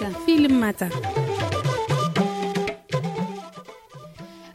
mata filin mata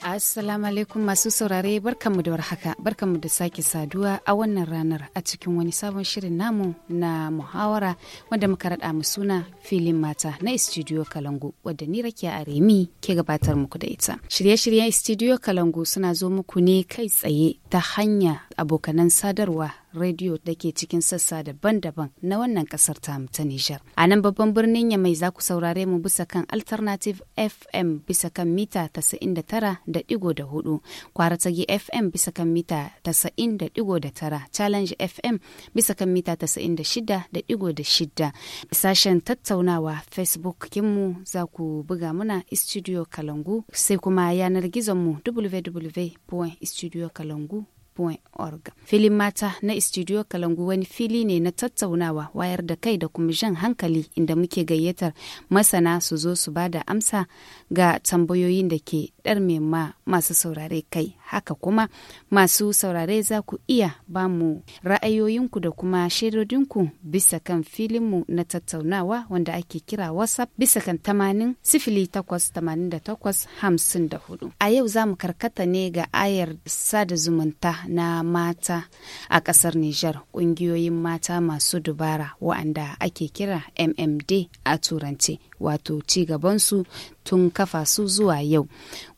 Assalamu alaikum masu saurare barkanmu da warhaka barkanmu da sake saduwa a wannan ranar a cikin wani sabon shirin namu na muhawara wanda muka raɗa mu suna filin mata na Studio Kalangu wadda ni rakiya a Remi ke gabatar muku da ita. Shirye-shiryen Studio Kalangu suna zo muku ne kai tsaye ta hanya abokanan sadarwa rediyo da ke cikin sassa daban-daban na wannan kasar tamu ta Nijar. A nan babban birnin ya mai za ku saurare mu bisa kan Alternative FM bisa kan mita 99.4, Kwaratagi FM bisa kan mita 90.9, Challenge FM bisa kan mita 96.6. Sashen tattaunawa Facebook kinmu za ku buga muna Studio Kalangu sai kuma yanar gizonmu www.studiokalangu.com www.studio.org. Filin mata na Studio Kalangu wani fili ne na tattaunawa wayar da kai da kuma jan hankali inda muke gayyatar masana su zo su ba da amsa ga tambayoyin da ke ɗarme ma masu saurare kai. haka kuma masu saurare za ku iya ba mu ra'ayoyinku da kuma shaidodinku bisa kan filinmu na tattaunawa wanda ake kira whatsapp bisa kan tamanin sifili takwas tamanin da takwas hamsin da hudu a yau za mu karkata ne ga ayar sada zumunta na mata a kasar nijar ƙungiyoyin mata masu dubara wa'anda ake kira mmd a turance wato ci gabansu tun kafa su zuwa yau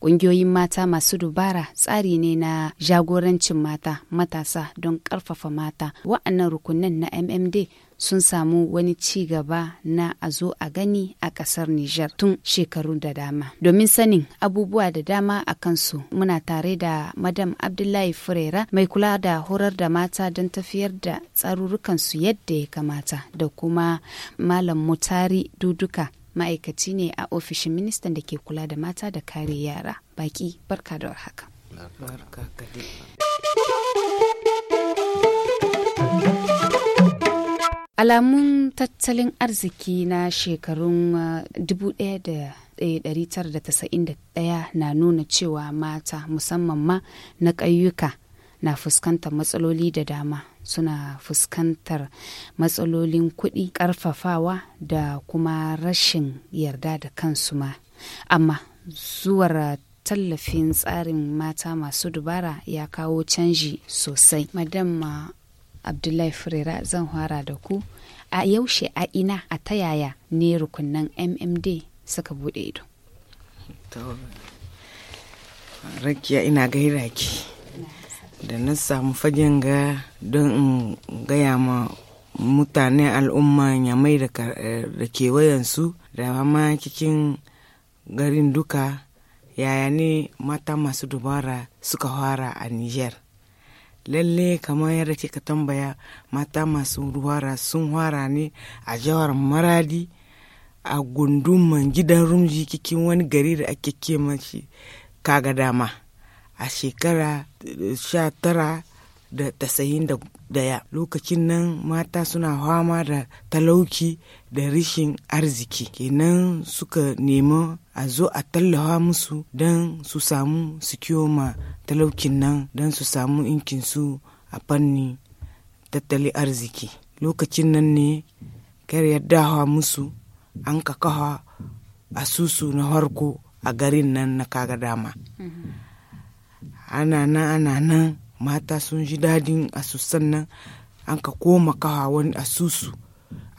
ƙungiyoyin mata masu dubara tsari ne na jagorancin mata matasa don ƙarfafa mata wa'annan rukunin na mmd sun samu wani ci gaba na a zo a gani a ƙasar Nijar tun shekaru da dama. Domin sanin abubuwa da dama a kansu muna tare da Madam Abdullahi Furera mai kula da horar da mata don tafiyar da tsarurrukansu yadda ya kamata da kuma Malam Mutari Duduka ma'aikaci ne a ofishin ministan da ke kula da mata da kare yara baki barka da warhaka alamun tattalin arziki na shekarun 1991 uh, na nuna cewa mata musamman ma na ƙayyuka na fuskantar matsaloli da dama suna fuskantar matsalolin kuɗi ƙarfafawa da kuma rashin yarda da kansu ma amma zuwar tallafin tsarin mata masu dubara ya kawo canji sosai madamma ah, abdullahi Frera zan hara da ku a yaushe a ina a ta yaya ne rukunan mmd suka bude ido rakiya ina gaira da na samu fagen ga don in gaya ma mutane al'umma yamai da kewayensu da ma cikin garin duka yaya ne mata masu dubara suka fara a niger lalle kamar yadda kika tambaya mata masu dubara sun fara ne a jawar maradi a gunduman gidan rumji cikin wani gari da ake kema kaga dama a shekara eh, sha tara da tasayin da daya lokacin nan mata suna fama da talauki da rishin arziki kenan suka nemi a zo a tallafa musu don su samu su ma talaukin nan don su samu su a fanni tattali arziki lokacin nan ne kar yadda musu an kakawa susu na harko a garin nan na kaga dama. Mm-hmm. ana nan ana nan mata sun ji dadin asusan nan an ka koma kawa wani asusu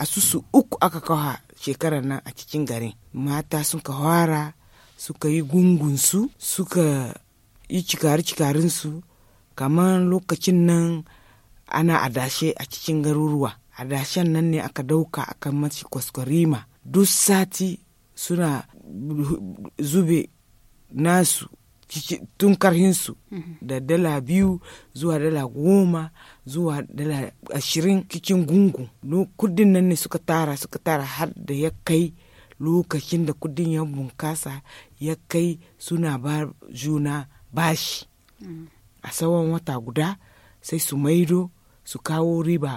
asusu uku aka kawa shekarar nan a cikin garin mata sun ka fara suka yi gungunsu suka yi cikari-cikarinsu kamar lokacin nan ana adashe a cikin garuruwa adashen nan ne aka dauka aka mace kwaskwarima duk sati suna zube nasu tun karhinsu mhm. da dala biyu zuwa dala goma zuwa dala ashirin cikin gungu kudin nan ne suka tara suka tara har da ya kai lokacin da kudin ya bunkasa ya kai suna ba juna bashi mhm. a tsawon wata guda sai su maido su kawo riba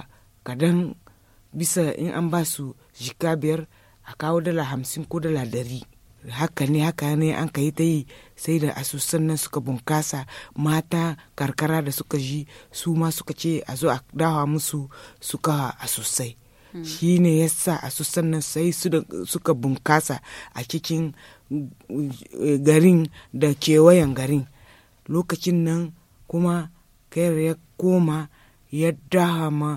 kadan bisa in an ba su jika biyar a kawo dala hamsin ko dala dari haka ne haka ne an ka yi ta yi sai da asusun nan suka bunkasa mata karkara da suka ji su ma suka ce a zo a dawa musu suka asusai hmm. shi ne ya sa asusun nan sai suka bunkasa a cikin eh, garin da kewayen garin lokacin nan kuma kayar ya koma ya dawa ma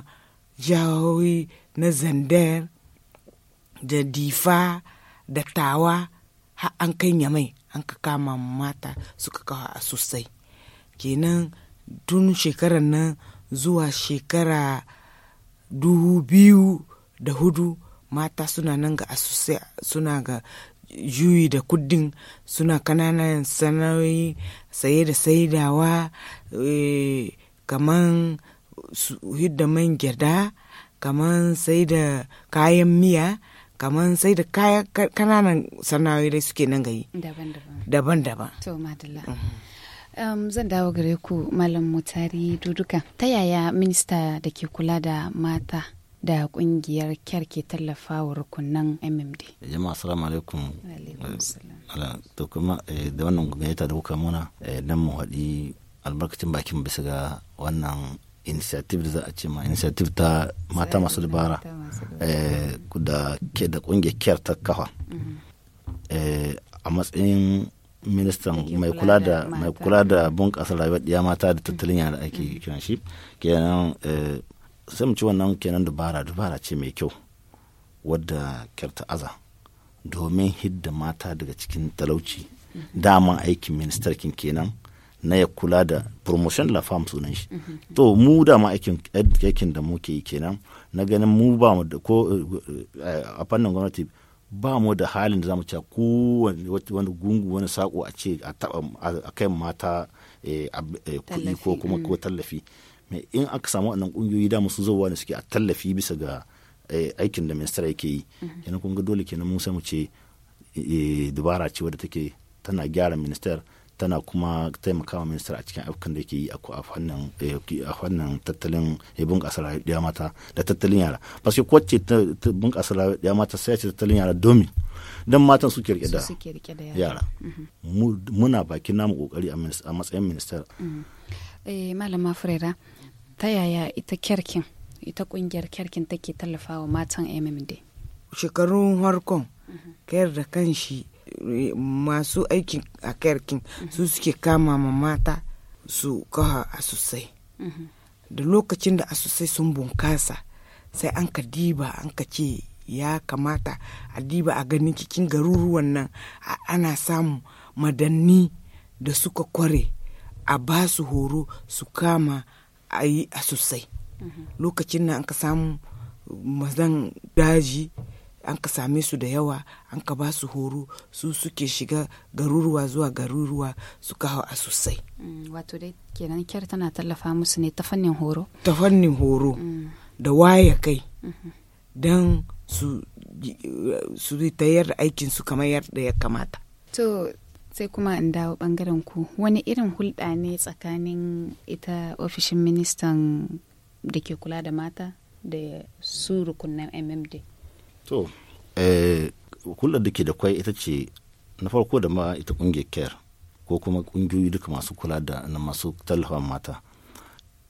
jihohi na zandar da difa da tawa har an kai mai an ka kama mata suka kawo a sosai kenan tun shekarar nan zuwa shekara dubu biyu da hudu mata suna nan ga asusai suna ga juyi da kuddin suna kananan sanayi saye da saidawa e, kaman hidda man gyada kaman sai da kayan miya kamar sai da kaya kananan sana'o'i dai suke nan gayi daban-daban to madalla Um, zan dawo gare ku malam mutari duduka ta yaya minista da ke kula da mata da kungiyar kyar ke tallafa wa rukunan mmd jama'a assalamu alaikum eh, to kuma eh, da wannan gwamnati da kuka muna eh, dan mu haɗi albarkacin bakin bisa ga wannan initiative da za a ce ma initiative ta mata masu dubara eh, da ke da kungiyar kyar ta kafa mm-hmm. eh, a matsayin ministan mai kula da mai kula da bunƙasa rayuwar ɗiya mata da tattalin da ake mm-hmm. kiran shi kenan eh, sai mu ci wannan kenan dubara dubara ce mai kyau wadda kyarta aza domin hidda mata daga cikin talauci mm-hmm. daman aikin ministarkin kenan na ya kula da promotion la farm sunan shi to mu da ma aikin da muke yi kenan na ganin mu ba mu da ko eh, eh, a fannin gwamnati ba mu da halin da zamu ci ko wani gungu wani sako a ce a taba a kai mata eh, kuɗi ko kuma mm. ko tallafi mai in aka samu wannan kungiyoyi da su zuwa ne suke a tallafi bisa ga aikin da ministra yake yi mm-hmm. kenan kun ga dole kenan mun sai mu ce dubara ce wadda take tana gyara minister tana kuma taimakawa minista a cikin aikin da ke yi eh, a fannin tattalin eh, bunƙasa ya mata da tattalin yara paske ce bunƙasa ya mata sai ce tattalin yara domin don matan suke rike da yara mhm. muna bakin namu kokari a matsayin ministar mhm. eh, malama furera ta yaya ita kerkin ita kungiyar kerkin take tallafawa matan mmd shekarun harkon mhm. kayar da kanshi masu aikin a kerkin su suke kama ma mata su a sosai da lokacin da asusai sun bunkasa sai an ka diba an ka ce ya kamata a diba a ganin cikin garuruwan nan ana samu madanni da suka kware a ba su horo su kama a yi asusai mm-hmm. lokacin na an ka samu mazan daji an ka same su da yawa an ka ba su horo su suke shiga garuruwa zuwa garuruwa suka hau a sosai mm, wato dai kenan kyar tana tallafa musu ne ta fannin horo ta fannin horo mm. da waya kai mm-hmm. don su su tayar da aikinsu kamar yadda ya kamata to sai kuma in dawo bangaren ku wani irin hulɗa ne tsakanin ita ofishin ministan da ke kula da mata da su rukunan mmd to eh, hulɗar da ke da kwai ita ce na farko da ma ita kungiyar care ko kuma kungiyoyi duka masu kula da na masu tallafa mata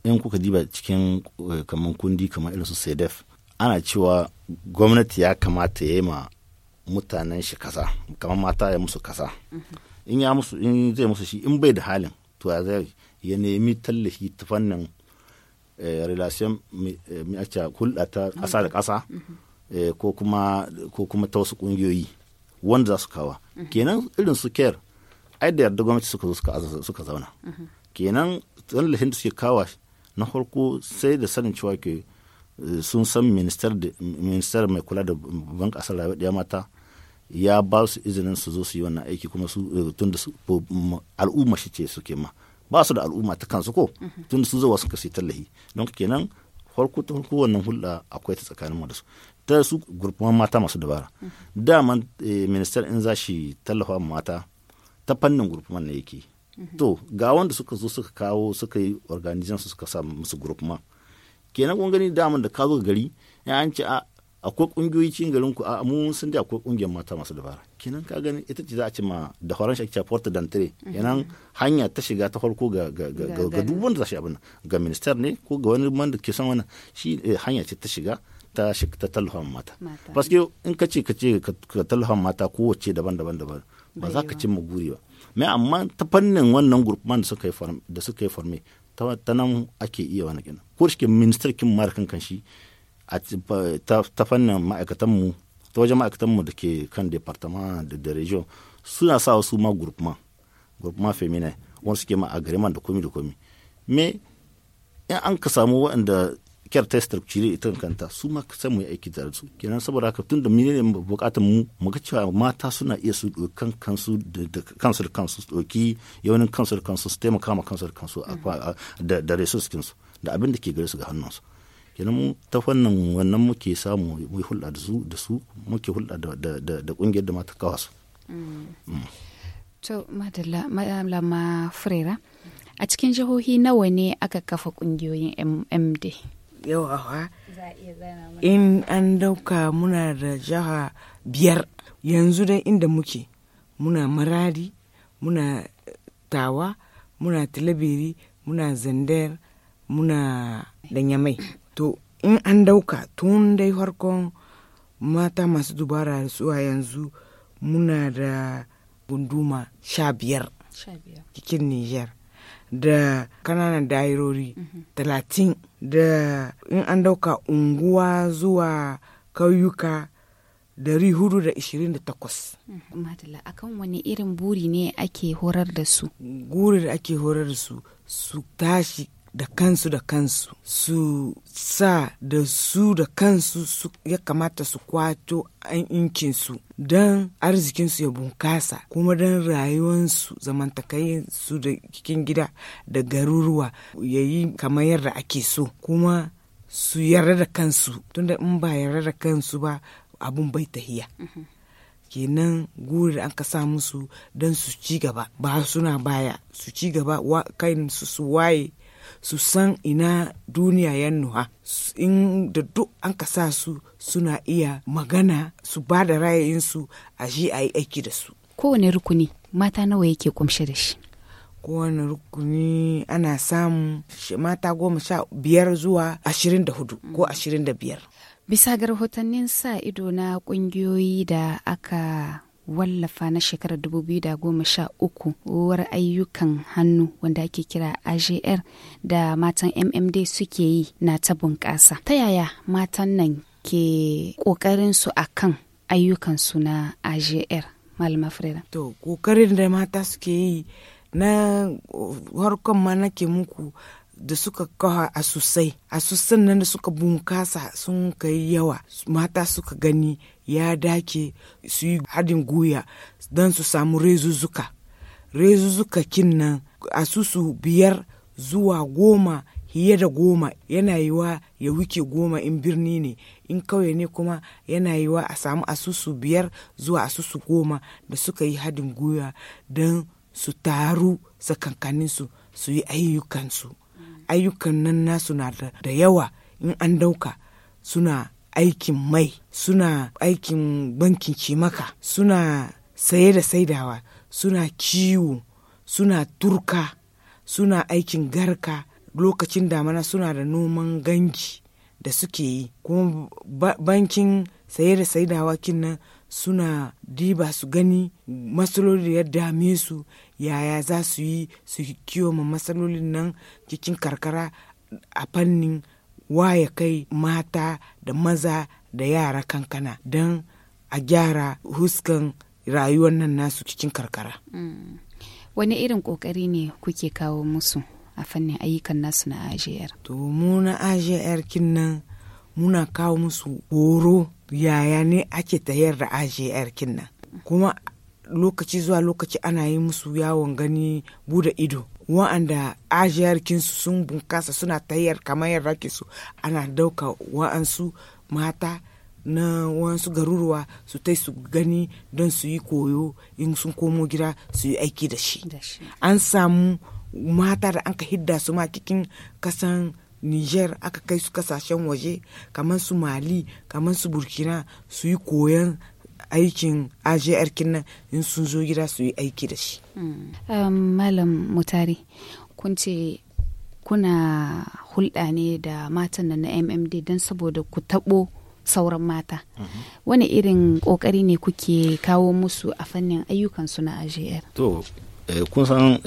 in kuka diba cikin eh, kamar kundi kamar irin su sedef ana cewa gwamnati ya kamata ya yi ma mutanen shi kasa kamar mata ya musu kasa mm-hmm. in ya musu in zai musu shi in bai da halin to ya zai ya nemi tallafi ta fannin eh, relation hulɗa ta ƙasa da kasa. Mm-hmm. Eh, ko kuma ta wasu kungiyoyi wanda za su kawa kenan irin su care ai da yarda gwamnati suka zo suka zauna kenan tsallahin da suke kawa na farko sai da sanin cewa ke eh, sun san ministar mai kula da ban kasar rayuwar mata ya ba su izinin su zo su yi wannan aiki kuma su eh, tun da al'umma shi ce suke ma ba su da al'umma ta kansu ko tun da su zuwa suka sai tallahi don kenan farko ta farko wannan hulɗa akwai ta tsakanin mu da su ta su gurfin mata masu dabara daman eh, ministar in za shi tallafa mata ta fannin gurfin ne yake to ga wanda suka zo suka kawo suka yi organizan su suka sa musu gurfin kenan kun gani daman da ka zo gari ya an ce akwai kungiyoyi cikin garin ku a mu sun da akwai kungiyar mata masu dabara kenan ka gani ita ce za a ce ma da horon shi ake porta dantre kenan hanya ta shiga ta farko ga ga ga duk wanda za shi abin ga minister ne ko ga wani man da ke son wannan shi eh, hanya ce ta shiga ta shi ta talhan mata paske in ka ce ka ce ka talhan mata kowace daban-daban daban ba za ka cimma guri ba mai amma ta fannin wannan gurfman da suka yi farme ta nan ake iya wani gina ko shi ministar kin mara kan kanshi ta fannin ma'aikatanmu ta wajen ma'aikatanmu da ke kan departement da da region suna sa wasu ma gurfman gurfman femina wani suke ma gariman da komi da komi me in an ka samu waɗanda kyar ta cire ita kanta su ma sai mu yi aiki tare su kenan saboda haka tun da menene bukatar mu mu ga cewa mata suna iya su kan kansu da kansu da kansu su doki yawanin kansu da kansu su taimaka ma kansu da kansu da da resources su da abin da ke gare su ga hannunsu kenan mu ta fannin wannan muke samu mu hulɗa da su da su muke hulɗa da da kungiyar da mata kawa su mm. mm. to madalla madalla a cikin jihohi nawa ne aka kafa kungiyoyin mmd yawawa in an dauka muna da jiha biyar yanzu dai inda muke muna maradi muna tawa muna talabiri muna zandar muna danyamai to in an dauka tun dai farkon mata masu dubara zuwa yanzu muna da gunduma sha biyar cikin niger da kananan dairori talatin da in an dauka unguwa zuwa kauyuka dari hudu da ishirin da takwas. Mm-hmm. Madalla akan wani irin buri ne ake horar da su? Guri da ake horar da su su tashi da kansu da kansu su sa da su da kansu su ya kamata su kwato an su don arzikinsu ya bunkasa kuma don rayuwarsu su da cikin gida da garuruwa ya yi kamar yadda ake so kuma su yarda da kansu tunda in ba yarda da kansu ba abun bai tahiya. Mhm. kenan guri da an ka sa musu don su ci gaba ba suna baya su ci gaba kai su waye su san ina duniya ya nuha in da duk an ka sa su suna iya magana su ba da ra'ayinsu a shi a yi aiki da su kowane rukuni mata nawa yake kumshe da shi kowane rukuni ana samun mata goma sha biyar zuwa ashirin da hudu ko ashirin da biyar bisa ga rahotannin sa ido na kungiyoyi da aka wallafa na shekarar 2013 ruwar ayyukan hannu wanda ake kira AJR da matan MMD suke yi na ta bunƙasa. Ta yaya matan nan ke ƙoƙarinsu a kan su na AJR? Malama Freda. To, ƙoƙarin da mata suke yi na harkon ma nake muku da suka kawa a sosai a susan nan da suka bunkasa sun kai yawa mata suka gani ya dake su yi hadin guya don su samu rezuzzuka rezuzuka kin nan a susu biyar zuwa goma hiye da goma yana yiwa ya wuke goma in birni ne in kawai ne kuma yana yiwa a samu asusu biyar zuwa asusu goma da suka yi hadin guya don su taru sakankaninsu su yi ayyukansu ayyukan nan nasu na da yawa in an dauka suna aikin mai suna aikin bankin cimaka suna saye da saidawa suna kiwo suna turka suna aikin garka lokacin damana suna da noman gangi da suke yi kuma bankin saye da saidawa kin nan suna diba su gani matsaloli da ya dame su yaya za su yi su ma matsalolin nan cikin karkara a fannin waya kai mata da maza da yara kankana don a gyara huskan rayuwar nan nasu cikin karkara. Mm. Wani irin ƙoƙari ne kuke kawo musu a fannin ayyukan nasu na AJR? To mu na AJR kin nan muna kawo musu horo yaya ne ake tayar da ajiyar kin nan kuma lokaci zuwa lokaci ana yi musu yawon gani bude ido wa'anda ajiyar kinsu sun bunkasa suna tayar kamar ke su ana dauka wa'ansu mata na wasu garuruwa su tai su gani don su yi koyo in sun komo gida su yi aiki da shi an samu mata da an ka hidda su ma cikin kasan niger aka kai su kasashen waje kamar su mali kamar su burkina su yi koyon aikin ajiyar nan in sun zo gida su yi aiki da shi mm. um, malam mutari kun ce kuna hulɗa ne da matan nan na mmd don saboda ku taɓo sauran mata mm-hmm. wani irin ƙoƙari ne kuke kawo musu a fannin ayyukansu na ajiyar to Eh, kun san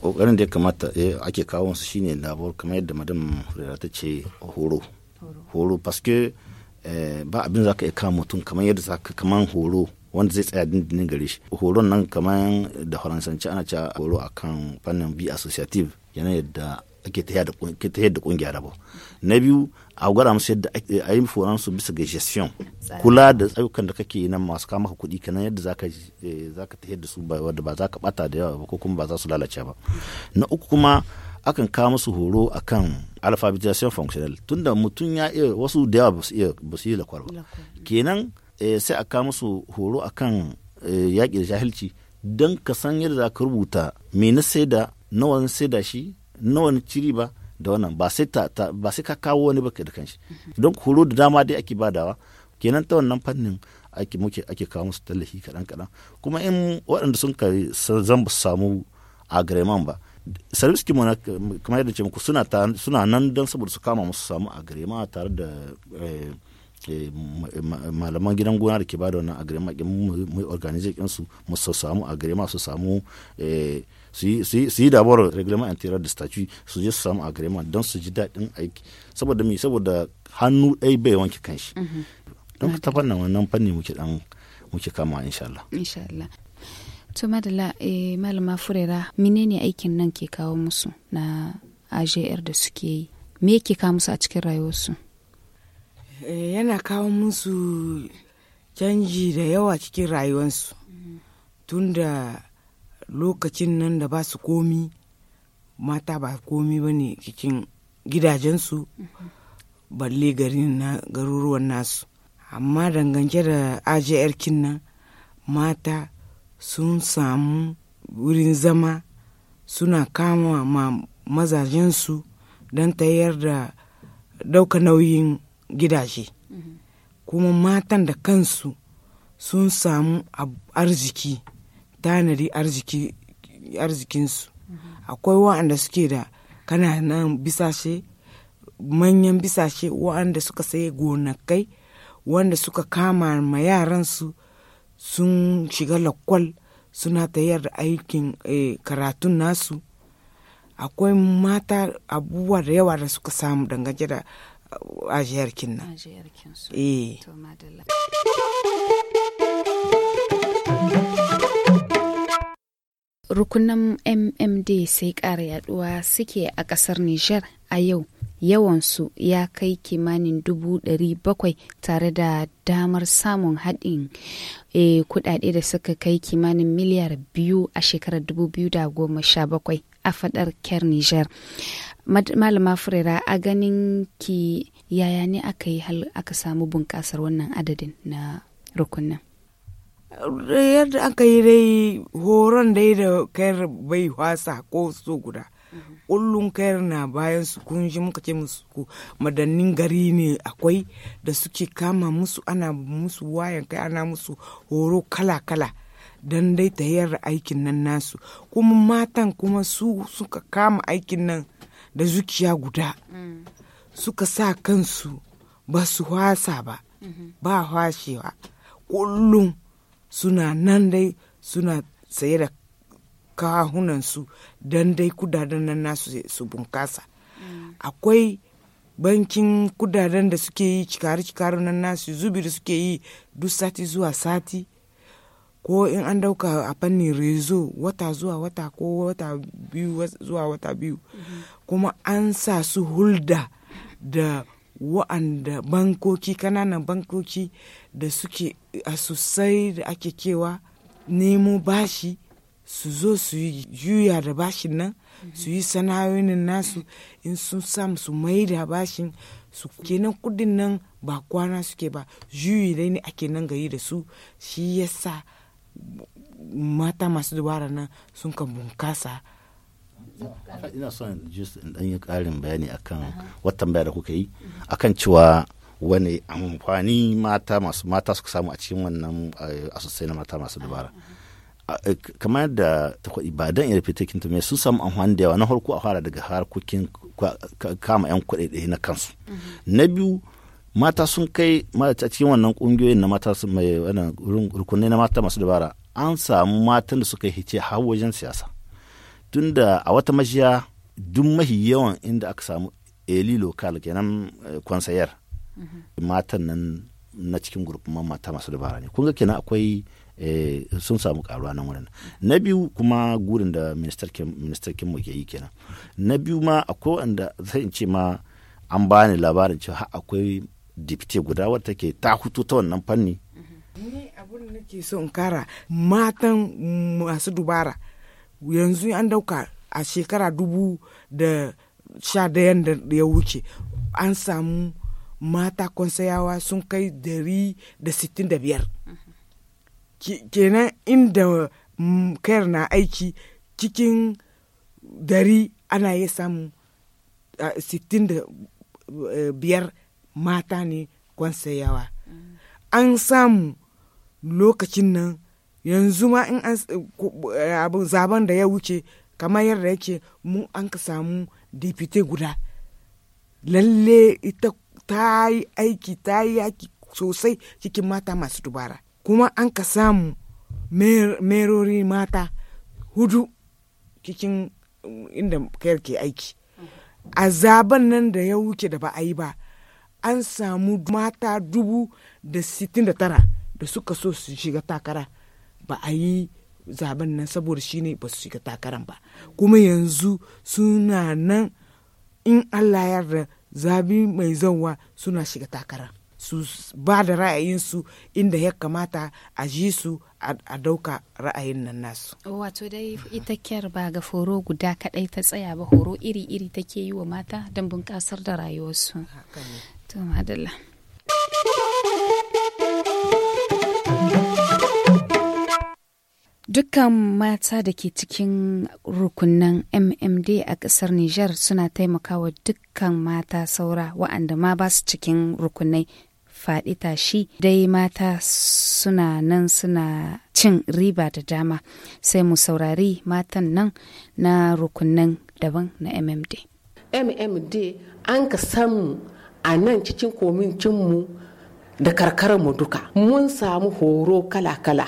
kokarin eh, da ya kamata eh, ake kawo su shine labar kamar yadda madam hurera ta ce horo horo paske ba abin za ka iya kama mutum kamar yadda za ka kamar horo wanda zai tsaya dindinin gare shi horon nan kamar da faransanci ana ce horo akan fannin bi associative yana yadda ake ta yadda kungiya rabo na biyu a gwada musu yadda a yi su bisa ga gestion kula da ayyukan da kake nan masu kama ka kuɗi kenan yadda eh, za ka tafiyar da su ba wanda ba zaka bata da yawa ba ko kuma ba za su lalace ba na uku kuma akan kawo musu horo akan alphabetization functional tunda mutum ya iya wasu da yawa ba su yi lakwar ba kenan eh, sai a kawo musu horo akan eh, yaƙi da jahilci don ka san yadda za ka rubuta me na saida nawa na saida shi nawa na ciri ba da wannan ba sai ka kawo wani baka da kanshi don horo da dama dai ake badawa kenan ta wannan fannin ake muke ake kawo musu tallafi kaɗan kaɗan kuma in waɗanda sun kai zan ba samu agreement ba service kimo na kamar yadda ce muku suna suna nan don saboda su kama musu samu agreement tare da eh, eh, malaman gidan gona da ke bada wannan agreement mu organize su mu samu agreement su samu eh, su yi dabarar reglement intérieur de statut su je su samu agreement don su ji daɗin aiki saboda me saboda hannu ɗai bai wanke kanshi mhm. don ta nan wannan fanni muke dan muke kama insha Allah insha Allah to madalla eh malama furera menene aikin nan ke kawo musu na AJR da suke yi me yake kawo musu a cikin rayuwarsu eh, yana kawo musu canji da yawa cikin rayuwarsu mm. tunda lokacin nan da ba su komi mata ba komi ba ne cikin gidajensu balle garin na garuruwan nasu amma dangance da ajiyar nan mata sun samu wurin zama suna kama ma mazajensu don tayar da dauka nauyin gidaje mm-hmm. kuma matan da kansu sun samu arziki tanadi arzikinsu akwai wa'anda suke da kananan bisashe manyan bisashe wa'anda suka saye gonakai wanda suka kama ma yaransu sun shiga lakwal suna tayar da aikin eh, karatun nasu akwai mata abubuwa da yawa da suka samu dangane da ajiyarkin nan eh rukunan mmd sai ƙara yaduwa suke a ƙasar niger a yau yawansu ya kai kimanin dubu dari bakwai tare da damar samun haɗin e, kuɗaɗe da suka kai kimanin miliyar biyu a shekarar goma sha bakwai a faɗar kyar niger malama furera a ganin ki yaya ne aka yi aka samu bunƙasar wannan adadin na rukunan yadda aka yi dai horon dai da kayar bai wasa ko so guda kullum kayar na bayan su kun ji muka ce musu ku madannin gari ne akwai da suke kama musu ana musu wayan kai ana musu horo kala-kala don dai ta aikin nan nasu kuma matan kuma su suka kama aikin nan da zuciya guda suka sa kansu ba su wasa ba ba washewa kullum suna nan dai suna saye da kahunansu don dai kudaden nan nasu su bunkasa akwai bankin kudaden da suke yi cikari-cikari nan nasu zubi da suke yi duk sati zuwa sati ko in an dauka a fannin rezo wata zuwa wata ko wata biyu zuwa wata biyu kuma an sa su hulda da wa'anda bankoki kananan bankoki da suke a sosai da ake kewa nemo bashi su zo su yi juya da bashin nan su yi sana'o'in nasu in sun samu su mai da bashin su kenan kudin nan ba kwana suke ba juyi dai ne ake nan gari da su shi yasa mata masu dubara nan sun ka bunkasa ina son just in dan yi karin bayani akan watan baya da kuka yi akan cewa wani amfani mata masu mata suka samu a cikin wannan eh, asusai na mata masu dabara eh, kamar da ta kwaɗi ba don iya fita kinta mai sun samu amfani da yawa na harko a fara daga harkokin kama 'yan ɗaya na kansu na biyu mata sun kai mata cikin wannan ƙungiyoyin na mata mai rukunai na mata masu dabara an samu matan da suka hice har wajen siyasa tunda a wata mashiya duk mahi yawan inda aka samu eli lokal kenan kwansayar eh, mm-hmm. matan nan na cikin gurfin mata masu dabara ne kun ga kenan akwai eh, sun samu karuwa nan wurin na biyu kuma gurin da ministar kinmu ke yi kenan na biyu ma akwai wanda zai ce ma an bani labarin cewa akwai dipte guda wadda ke ta hutu ta wannan fanni mm-hmm. ni abun nake so in kara matan masu dubara yanzu an dauka a shekara dubu da sha dayan da ya wuce an samu mata konsayawa sun kai dari da sittin da biyar kenan inda mm, kayar na aiki cikin dari ana iya samun sittin da e, biyar mata ne kwansayawa mm. an samu lokacin nan yanzu ma in an eh, eh, zaben da ya wuce kamar yadda yake mu an ka samu dipite guda lalle ita ta yi aiki ta yi yaki sosai cikin mata masu dubara kuma an ka samu merori mata hudu cikin mm, inda kayar ke aiki a zaben nan da ya wuce da ba a yi ba an samu mata dubu da sittin da tara da suka so su shiga takara ba a yi zaben nan saboda shine ba su shiga takaran ba kuma yanzu suna nan in allah yarda zabi mai zanwa suna shiga takaran su ba da ra'ayinsu inda ya kamata a ji su a dauka ra'ayin nan nasu. Wato dai ita kyar ba ga horo guda kaɗai ta tsaya ba horo iri-iri take yi wa mata don bunƙasar da rayuwarsu. To Dukkan mata da ke cikin rukunan MMD a ƙasar Nijar suna taimakawa dukkan mata saura wa'anda ma ba su cikin rukunai faɗi tashi dai mata suna nan suna cin riba da dama sai mu saurari matan nan na rukunan daban na MMD. MMD an ka samu a nan cikin komincinmu da karkararmu duka mun samu horo kala-kala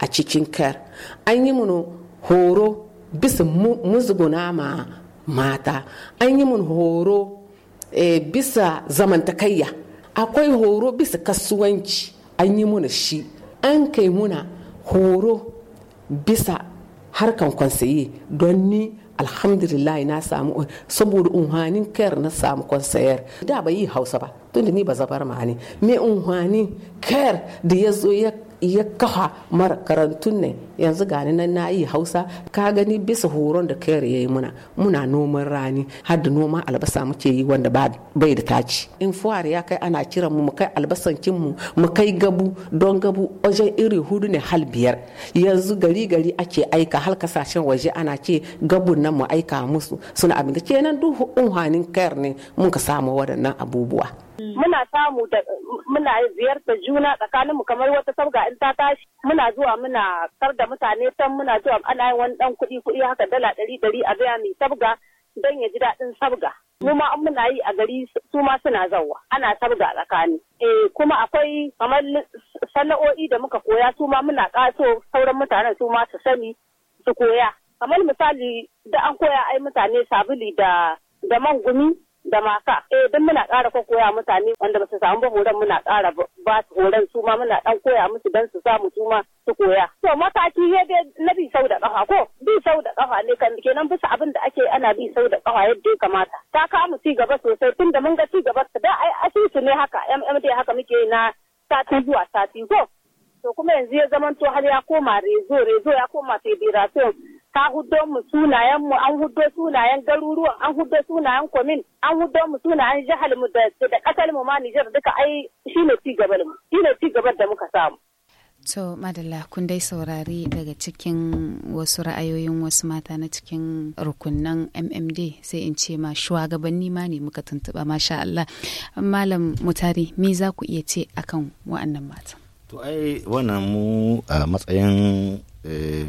a cikin kar an yi mun horo bisa musguna ma mata an yi mun horo e, bisa zamantakayya akwai horo bisa kasuwanci an yi muna shi an kai muna horo bisa harkan kwansaye don ni alhamdulillah na samu saboda unhanin kayar na samu kwansayar da ba yi hausa ba tunda ni ba zabar ma ne me unhanin kayar da ya zo ya ya kafa karantun ne yanzu gani nan na yi hausa ka gani bisa horon da kayar ya yi muna muna noman rani har da noman albasa muke yi wanda bai da taci in fuwar ya kai ana kiran mu kai albasan mu mu kai gabu don gabu wajen iri hudu ne hal biyar yanzu gari gari ake aika har kasashen waje ana ce gabun nan mu aika musu suna abin kenan duk unhanin kayar ne mun ka samu waɗannan abubuwa muna samu da muna ziyartar juna tsakaninmu kamar wata sabga in ta tashi muna zuwa muna kar da mutane can muna zuwa ana yin wani dan kuɗi kuɗi haka dala ɗari ɗari a biya mai sabga don ya ji daɗin sabga mu ma an muna yi a gari su ma suna zawa ana sabga tsakani eh kuma akwai kamar sana'o'i da muka koya su ma muna ƙaso sauran mutanen su ma su sani su koya kamar misali da an koya ai mutane sabuli da da man gumi da maka, eh don muna ƙara koya mutane wanda ba su samu ba horan muna ƙara ba su horon su ma muna ɗan koya musu dan su samu su ma su koya to mataki ya dai na bi sau da ƙafa ko bi sau da ƙafa ne kan kenan bisa abin da ake ana bi sau da ƙafa yadda ya kamata ta kamu ci gaba sosai tun da mun ga ci gaba da ai asusu ne haka MMD haka muke na sati zuwa sati ko to kuma yanzu ya zamanto har ya koma rezo rezo ya koma federation ka hudo mu sunayen mu an hudo sunayen garuruwan an hudo sunayen komin an hudo mu sunayen jihar mu da da kasar mu ma Niger duka ai shine ci gaban mu shine ci gaban da muka samu To Madalla kun dai saurari daga cikin wasu ra'ayoyin wasu mata na cikin rukunnan MMD sai in ce ma shugabanni ma ne muka tuntuɓa masha Allah. Malam Mutari me za ku iya ce akan wa'annan mata? To ai wannan mu a matsayin Eh,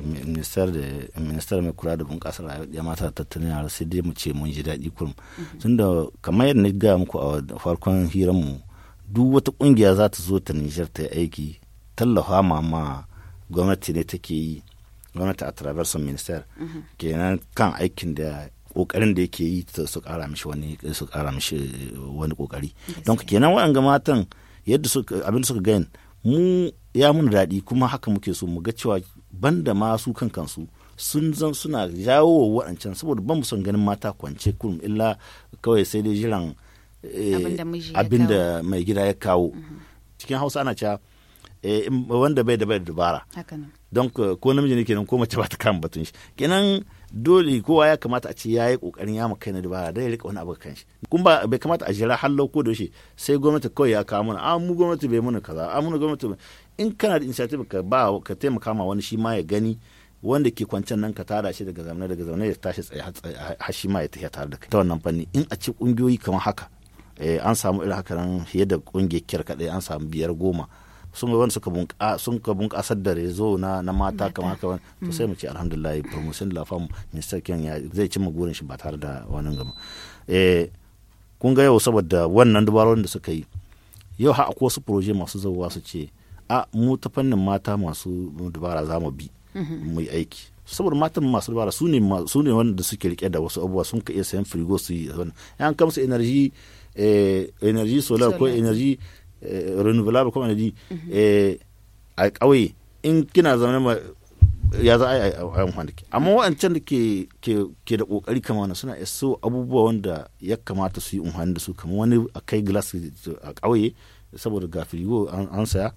ministar mai kula da bunƙasar ya mata tattalin har sai dai mu ce mun ji daɗi kurum mhm. tunda kamar yadda na gaya muku a farkon mu duk wata ƙungiya za ta zo ta nijar ta aiki tallafa ma ma gwamnati ne take yi gwamnati a traversal minister mhm. kenan kan aikin da kokarin da yake yi su kara mishi wani su kara mishi wani kokari don kenan waɗanga matan yadda abin suka gani mu ya mun daɗi kuma haka muke so mu ga cewa banda ma su kan kansu sun zan suna jawo wa waɗancan saboda ban son ganin mata kwance kurum illa kawai sai dai jiran eh, abin da mai gida ya kawo mm-hmm. cikin hausa ana cewa eh, wanda bai da bai da dubara don ko namiji ne kenan ko mace ba ta kama batun shi kenan dole kowa ya kamata a ce ya yi kokarin ya kai na dubara da ya rika wani abu kan shi kun ba bai kamata a jira hallo ko da shi sai gwamnati kawai ya kawo mana a ah, mu gwamnati bai mana kaza a ah, mu gwamnati in kana da initiative ka ba ka taimaka ma wani shi ma ya gani wanda ke kwancen nan ka tara shi daga zaune daga zaune ya tashi tsaye har shi ma ya tafiya tare da kai ta wannan fanni in a ci kungiyoyi kamar haka eh, an samu irin haka nan fiye da kungiyar kadai an samu biyar goma sun ga suka bunƙa sun ka bunkasar da rezo na na mata kamar haka to sai mu ce alhamdulillah promotion la fam minister ken ya zai cimma gurin shi ba tare da wani gaba eh kun ga yau saboda wannan dubarorin da suka yi yau har akwai wasu proje masu zauwa su ce a mu ta fannin mata masu dubara za mu bi mhm. mu yi aiki saboda matan masu dubara su ne su ne wanda suke rike da wasu abubuwa sun ka iya sayan firigo su yi wannan yan kamsu energy eh, energy solar ko energy eh, renewable ko energy mhm. eh, a kauye in kina zama ya za a yi kwanaki amma wa'ancan da ke mhm. da kokari kama wannan suna iso abubuwa wanda ya kamata su yi unhani da su kamar wani a kai glass a ƙauye saboda ga firigo an saya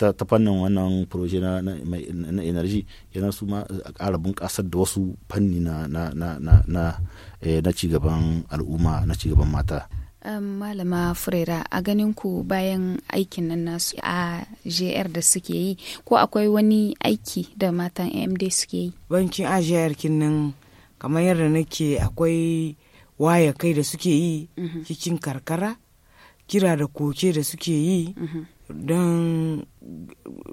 ta fannin wannan proje na na energy yana su ma a ƙara bunƙasar da wasu fanni na na na na na eh, cigaban al'umma na cigaban mata malama furera a ganin ku bayan aikin nan nasu a jr da suke yi ko akwai wani aiki da matan amd suke yi bankin a jr kinnan kamar yadda nake akwai waya kai da suke yi mhm. cikin karkara kira da koke da suke yi mhm. don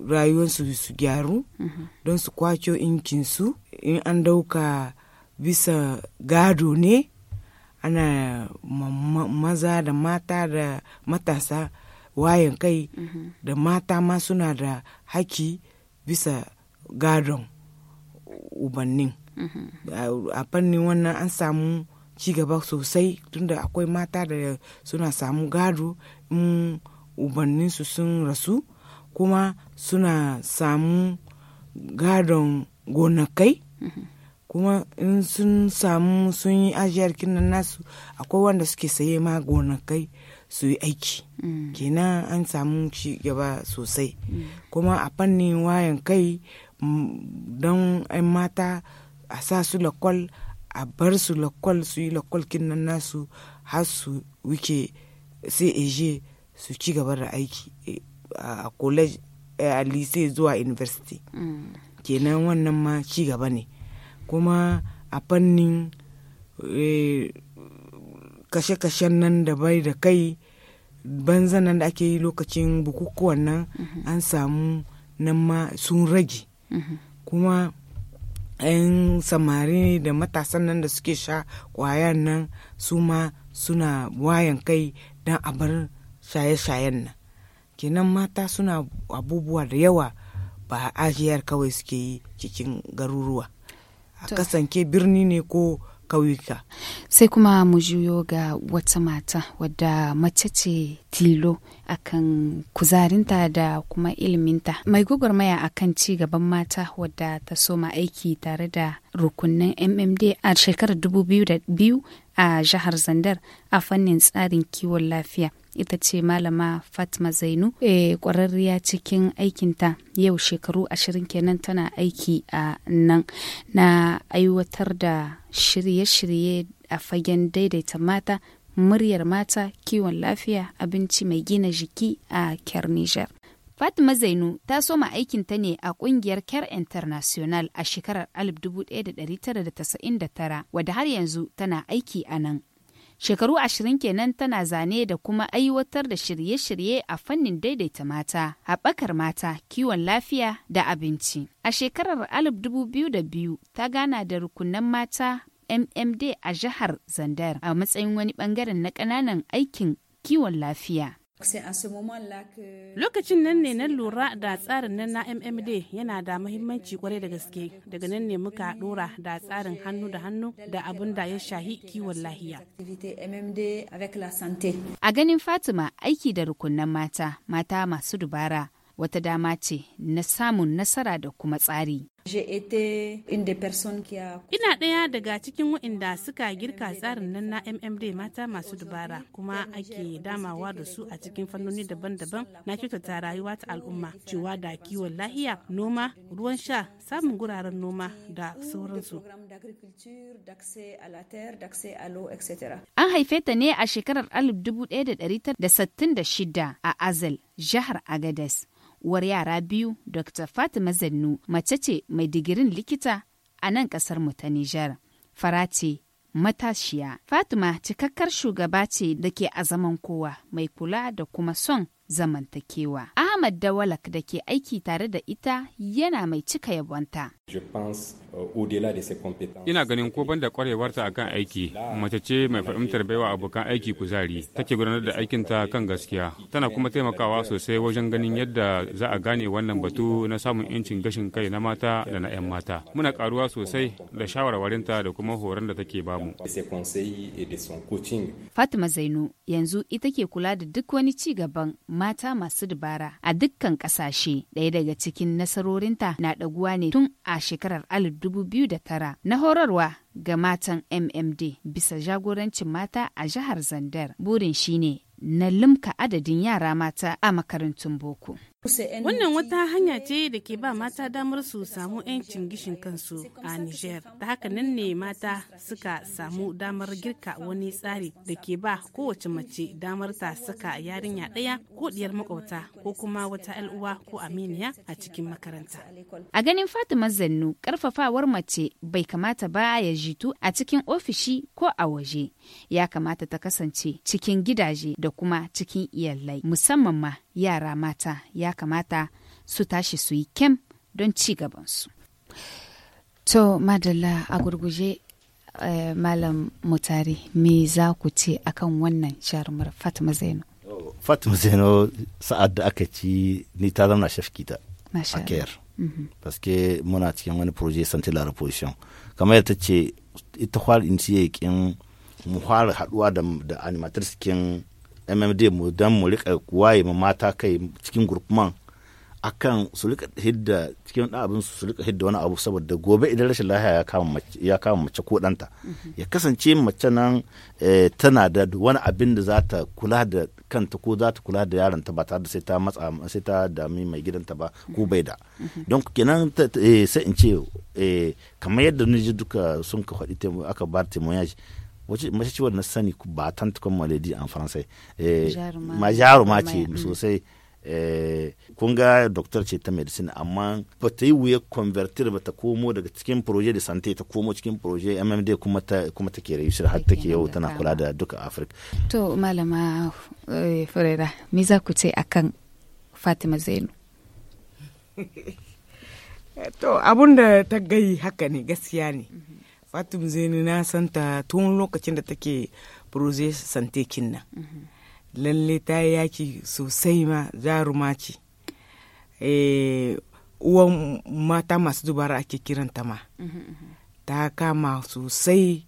rayuwarsu su gyaru mhm. don su kwaco inkinsu in an dauka bisa gado ne ana maza da mata da matasa wayan kai mhm. da mata ma suna da haki bisa gadon ubannin mhm. a fannin wannan an samu cigaba sosai tunda akwai mata da suna samu gado in ubanninsu sun rasu kuma suna samu gadon gonakai kuma in sun samu sun yi ajiyar kinan nasu akwai wanda suke saye ma gonakai su yi aiki mm. kina an samu ci gaba sosai mm. kuma a fannin wayan kai mm, don 'yan mata a sa su lakwal a bar su lakwal su yi lakwal kinan nasu har su wike sai eje su ci gaba da aiki eh, a college eh, a lise zuwa university mm. kenan wannan ma ci gaba ne kuma a fannin eh, kashe-kashen nan da bai da kai banza nan da ake yi lokacin bukukuwan nan mm-hmm. an samu nan ma sun rage mm-hmm. kuma 'yan samari da matasan nan da suke sha kwayan nan su ma suna wayan kai don a bar shaye-shayen nan kenan mata suna abubuwa da yawa ba ajiyar kawai suke yi cikin garuruwa a kasance birni ne ko kauyuka sai kuma mu juyo ga wata mata wadda mace ce tilo akan kuzarinta da kuma iliminta mai gwagwarmaya akan ci gaban mata wadda ta soma aiki tare da rukunin mmd a shekarar 2002 a jihar Zandar a fannin tsarin kiwon lafiya. Ita ce Malama Fatma Zainu, e, kwararriya cikin aikinta yau shekaru ashirin kenan tana aiki a nan na aiwatar da shirye-shirye a fagen daidaita mata, muryar mata, kiwon lafiya, abinci mai gina jiki a Kyar Nijar. Fatima Zainu ta soma aikinta ne a ƙungiyar Care International a shekarar 1999 wadda har yanzu tana aiki a nan. Shekaru ashirin kenan tana zane da kuma aiwatar da shirye-shirye a fannin daidaita mata, haɓakar mata, kiwon lafiya da abinci. A shekarar 2002 ta gana da rukunan mata MMD a jihar Zandar a matsayin wani ɓangaren na ƙananan aikin kiwon lafiya. Lokacin nan ne na lura da tsarin nan na MMD yana da mahimmanci kwarai da gaske daga nan ne muka dora da tsarin hannu da hannu da abin da ya shahi kiwon lahiya. A ganin Fatima aiki da rukunan mata, mata masu dubara wata dama ce na samun nasara da kuma tsari. Ina ɗaya daga cikin waɗanda suka girka tsarin nan na MMD mata masu dubara kuma ake damawa da su a cikin fannoni daban-daban na kyautata rayuwa ta al'umma cewa da kiwon lahiya, noma, ruwan sha, samun guraren noma da sauransu. An haife ta ne a shekarar 1966 a azal jihar Agadez. uwar yara biyu dr fatima zannu mace ce mai digirin likita a nan kasar mu ta nijar fara ce matashiya fatima cikakkar shugaba ce da ke a zaman kowa mai kula da kuma son zamantakewa. Ahmad Dawalak da ke aiki tare da ita yana mai cika yabonta. Euh, Ina ganin ko banda kwarewarta a kan aiki, mace ce mai fahimtar baiwa abokan aiki kuzari, take gudanar da aikinta kan gaskiya. Tana kuma taimakawa sosai wajen ganin yadda za a gane wannan batu na samun 'yancin gashin kai na mata da na 'yan mata. Muna karuwa sosai da shawarwarinta da kuma horon da take bamu. Fatima Zainu yanzu ita ke kula da duk wani ci gaban mata masu dubara a dukkan kasashe Ɗaya daga cikin nasarorinta na ɗaguwa ne tun a shekarar 2009 na horarwa ga matan MMD bisa jagorancin mata a jihar Zandar. Burin shine na limka adadin yara mata a makarantun boko. Wannan wata hanya ce da ke ba mata damar su samu 'yancin gishin kansu a Nijar. Ta haka nan ne mata suka samu damar girka wani tsari da ke ba kowace mace damar ta saka yarinya ɗaya ko ɗiyar makwabta ko kuma wata al'uwa ko aminiya a cikin makaranta. A ganin Fatima Zannu, karfafawar mace bai kamata ba ya jitu a cikin ofishi ko a waje. Ya kamata ta kasance cikin gidaje da kuma cikin iyalai musamman ma yara mata ya kamata su tashi su yi kyam don ci gabansu. To, Madalla a gurguje eh, Malam Mutari, me za ku ce akan wannan sharmar Fatima Zainu? Oh, Fatima Zainu, sa'ad da aka ci ni ta zama ta a kayar. Mhm. Paske muna cikin wani proje Santila Reposition. Kamar yadda ta ce, ita kwal in siye kin mu haɗuwa da animatar cikin mmd mu don mu rika waye ma mata kai cikin gurkuman akan su rika hidda cikin abin su rika hidda wani abu saboda gobe idan rashin lahiya ya kama mace ko danta ya kasance mace nan eh, tana da wani abin da za ta kula da kanta ko za ta kula da ta ba tare da sai ta matsa sai ta dami mai gidanta ba ko bai da don kenan eh, sai in ce eh, kamar yadda ni duka sun ka faɗi aka bar temoyage mace ce wannan sani ba tant comme maledi en faransai eh, ma ma ce mm. sosai eh, kun ga doktor ce ta medicine amma ba ta yi wuya convertir ba ta komo daga cikin proje da sante ta komo cikin proje mmd kuma ta kuma take har ta ke yau tana kula da duka afirka to malama eh, furera me za ku ce akan fatima zainu to abun da ta gayi haka ne gaskiya ne mm-hmm. fatim zaini na santa tun lokacin da take proje sante kinna mhm. lalle ta yi yaki sosai ma jaruma ce eh, uwan mata masu dubara ake kiranta ma mhm, mhm. ta kama sosai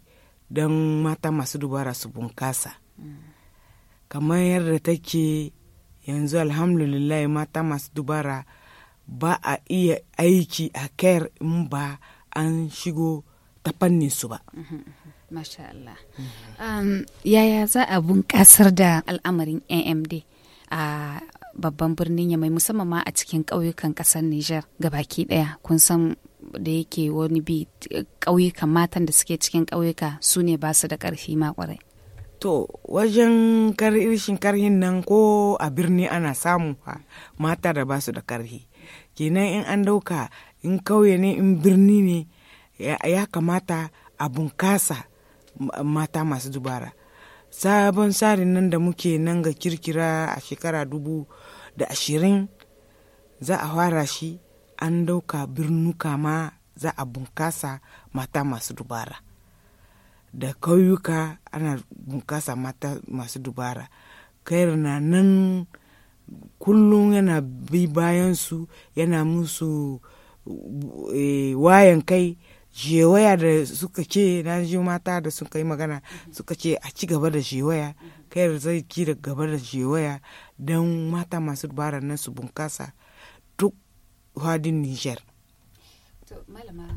don mata masu dubara su bunkasa kamar yadda take yanzu alhamdulillah mata masu dubara ba a iya aiki a care in ba an shigo ta su ba. Mm-hmm. Masha Allah. Um, yaya za a bunƙasar da al'amarin AMD a babban birnin ya mai musamman ma a cikin ƙauyukan ƙasar Nijar baki ɗaya kun san da yake wani bi ƙauyukan matan da suke cikin ƙauyuka su ne ba su da ƙarfi ma ƙwarai. To wajen karishin karhin nan ko a birni ana samu mata da ba su da karhi. Kenan in an dauka in kauye ne in birni ne ya kamata a bunkasa mata masu dubara sabon tsarin nan da muke nan ga kirkira a shekara dubu da ashirin za a fara shi an dauka birnuka ma za a bunkasa mata masu dubara da kauyuka ana bunkasa mata masu dubara kayar na nan kullum yana bi bayansu yana musu eh, wayan kai jewaya da suka ce na ji mata da suka yi magana suka ce a ci gaba da jewaya da zai ki da gaba da jewaya don mata masu dubara nan su bunkasa duk hadin niger malama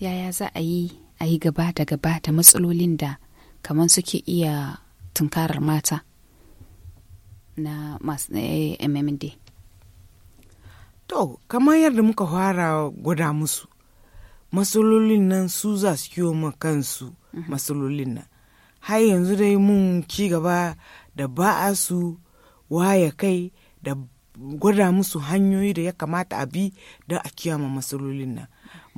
yaya za a yi a yi gaba da gaba da matsalolin da kamar suke iya tunkarar mata na masu eh, mmd to kamar yadda muka fara gwada musu matsalolin nan su za su kiwo ma kansu mhm. matsalolin nan har yanzu dai mun ci gaba da ba a su waya kai da gwada musu hanyoyi da ya kamata a bi da a ma matsalolin nan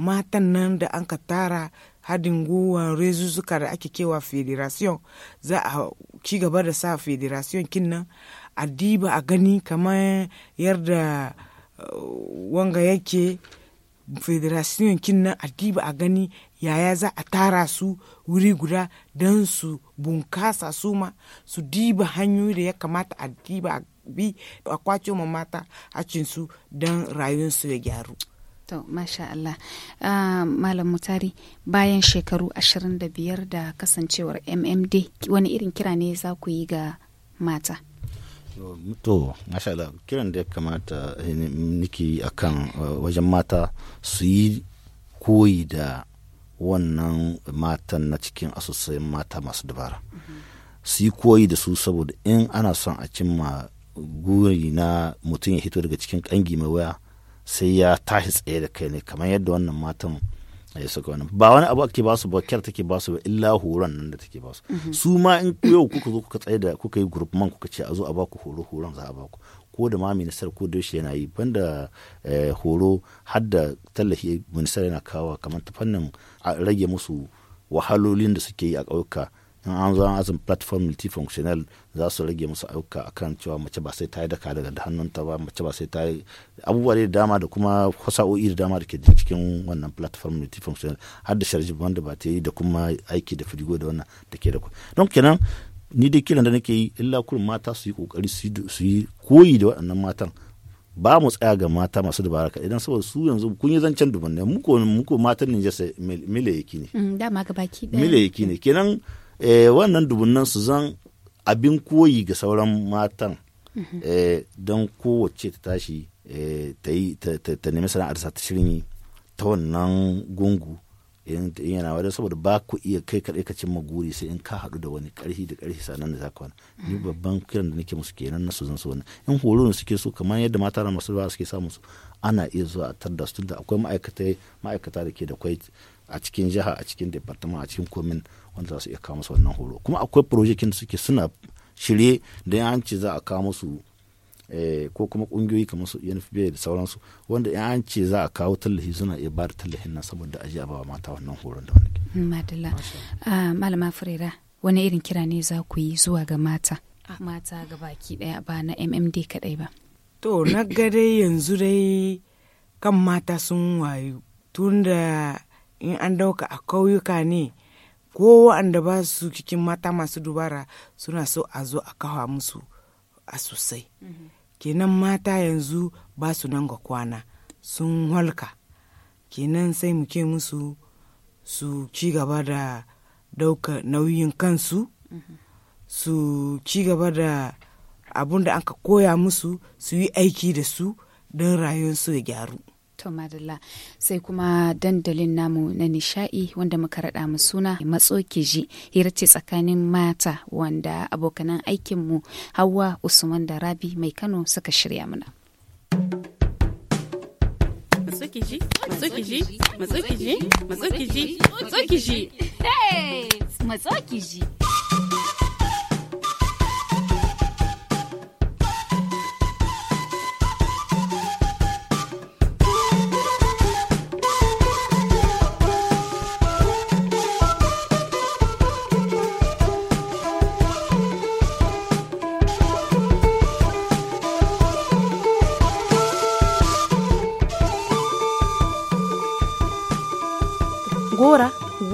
matan nan da an ka tara hadin guwa rezuzuka da ake kewa federation za a ci gaba da sa federation kin nan a diba a gani kamar yarda eh, wanga yake federation kin nan a diba a gani yaya za a tara su wuri guda don su bunkasa su ma su diba hanyoyi da ya kamata a diba a bi a kwace ma mata su don su ya gyaru to masha Allah uh, malam mutari bayan shekaru 25 da kasancewar mmd wani irin kira ne za ku yi ga mata to allah kiran da ya kamata eh, niki akan eh, wajen mata su yi koyi da wannan matan na cikin asusun mata masu dabara mm-hmm. su yi koyi da su saboda in ana son a cimma guri na mutum ya hito daga cikin kangi mai waya sai ya tashi tsaye da kai ne kamar yadda wannan matan ya saka wani ba wani abu ake basu ba kyar take basu ba illa horon nan da take basu mhm. su ma in yau kuka zo kuka tsaye da kuka yi group man kuka ce a zo a baku horo horon za a baku ko da ma ministar ko da yana yi banda eh, horo har da tallafi ministar yana kawo kamar ta fannin rage musu wahalolin da suke yi a ƙauyuka an zama azin platform multifunctional za su rage musu ayyuka akan cewa mace ba sai ta yi daka daga hannunta ba mace ba sai ta yi abubuwa da dama da kuma fasa'o'i da dama da ke cikin wannan platform multifunctional har da sharji wanda ba ta yi da kuma aiki da firigo da wannan da ke da ku don kenan ni dai kiran da nake yi illa kun mata su yi kokari su yi koyi da waɗannan matan ba mu tsaya ga mata masu dabara ka idan saboda su yanzu kun yi zancen dubanne muku matan Nijar sai mile yake ne. Mm, dama ga baki ɗaya. Mile yake ne kenan eh wannan dubunnan su zan abin koyi ga sauran matan mhm. eh, don kowace ta tashi eh, ta nemi sana'ar ta shirin yi ta wannan gungu yana wajen saboda ba ku iya kai kaɗai ka cimma guri sai in ka haɗu da wani ƙarfi da ƙarfi sanan da zaka wani ni mhm. babban kiran da nake musu kenan na su zan su wani in horo suke so kamar yadda mata na masu ba suke samu su ana iya zuwa a tarda su tunda akwai ma'aikata da ke da kwai a cikin jiha a cikin department a cikin komin wanda za su iya kawo musu wannan horo kuma akwai projekin da suke suna shirye da yan ce za a kawo musu eh, ko kuma kungiyoyi kamar su UNFPA da sauransu wanda yan ce za a kawo tallafi suna iya bada tallafin nan saboda a a ba mata wannan horon da wani ke. Madalla. Ah, Malama Furera, wani irin kira ne za ku yi zuwa ga mata? Mata ga baki ɗaya ba na MMD kaɗai ba. To, na ga dai yanzu dai kan mata sun wayo tun da in an dauka a kauyuka ne ko wanda ba su cikin mata masu dubara suna so a zo a kawa musu a sosai kenan mata yanzu ba su nan ga kwana sun halka kenan sai mu ke musu su ci gaba da dauka nauyin kansu su ci gaba da abun da an ka koya musu su yi aiki da su don rayuwarsu ya gyaru To madalla sai kuma dandalin namu na nishai wanda muka raɗa mu suna matso ji hira ce tsakanin mata wanda abokanan aikinmu hawa Usman da Rabi mai Kano suka shirya mana. matsokiji matsokiji, matsokiji, matsokiji, matsokiji, matsokiji.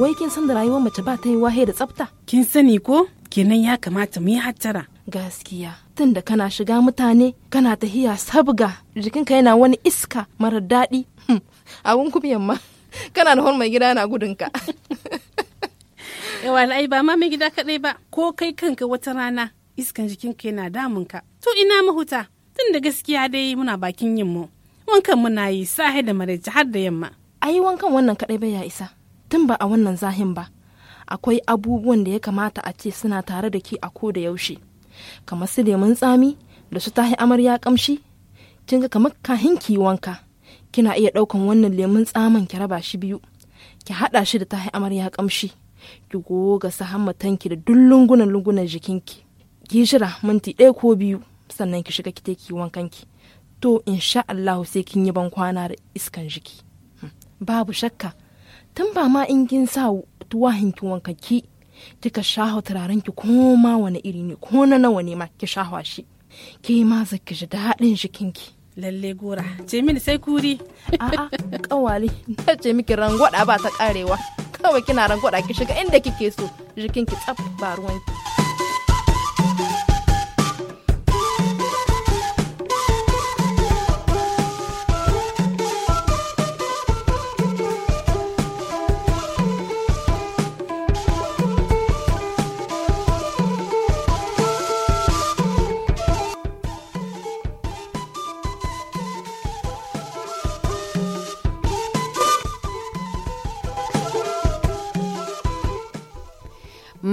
wai kin san da rayuwar mace ba ta yi wahe da tsafta kin sani ko kenan ya kamata mu yi hattara gaskiya tun da kana shiga mutane kana tahiya sabga jikinka yana wani iska marar daɗi a kuma yamma kana da mai gida yana gudunka yawa ai ba ma mai gida kaɗai ba ko kai kanka wata rana iskan jikinka yana ka. to ina mahuta tun da gaskiya dai muna bakin yin mu wankan muna yi sahi da maraice har da yamma ai wankan wannan kaɗai bai ya isa tun ba a wannan zahin ba akwai abubuwan da ya kamata a ce suna tare da ki a ko da yaushe kamar su lemun tsami da su tahi amarya kamshi kin ga kamar kahin ki wanka kina iya ɗaukan wannan lemun tsaman ki raba shi biyu ki haɗa shi da tahi amarya kamshi ki goga su hammatanki da duk lungunan lungunan jikinki ki jira minti ɗaya ko biyu sannan ki shiga kite ki wankanki to insha Allah sai kin yi ban kwana da iskan jiki hmm. babu shakka tun ba ma in kin sa tuwahin ki wankaki kika shaho turaren ki ko ma wani iri ne ko na nawa ne ma ki shaho shi ke ma zaki ji daɗin ki. lalle gora ce mini sai kuri a'a kawali na ce miki rangwada ba ta karewa kawai kina rangwada ki shiga inda kike so jikin ki tsaf ba ruwanki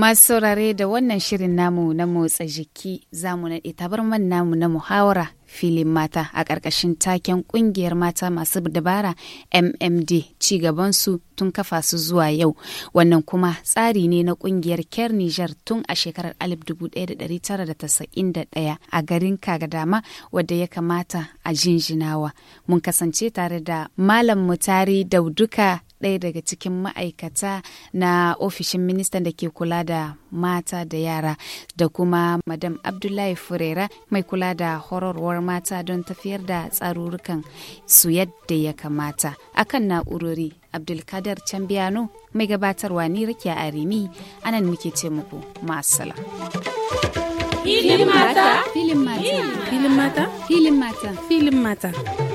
Masu saurare da wannan shirin namu na motsa jiki za zamu naɗe tabarman namu na muhawara filin mata a ƙarƙashin taken ƙungiyar mata masu dabara mmd ci gabansu tun kafa su zuwa yau wannan kuma tsari ne na ƙungiyar ker niger tun a shekarar 1991 a garin kagadama wadda ya kamata a jinjinawa mun kasance tare da malam mutari dauduka ɗaya daga cikin ma'aikata na ofishin ministan da ke kula da mata da yara da kuma madam abdullahi furera mai kula da horarwar mata don tafiyar da tsarurrukan su yadda ya kamata akan na'urori abdulkadar cambiano mai gabatarwa ni a arimi anan muke ce muku masala filin mata filin mata filin mata filin mata filin mata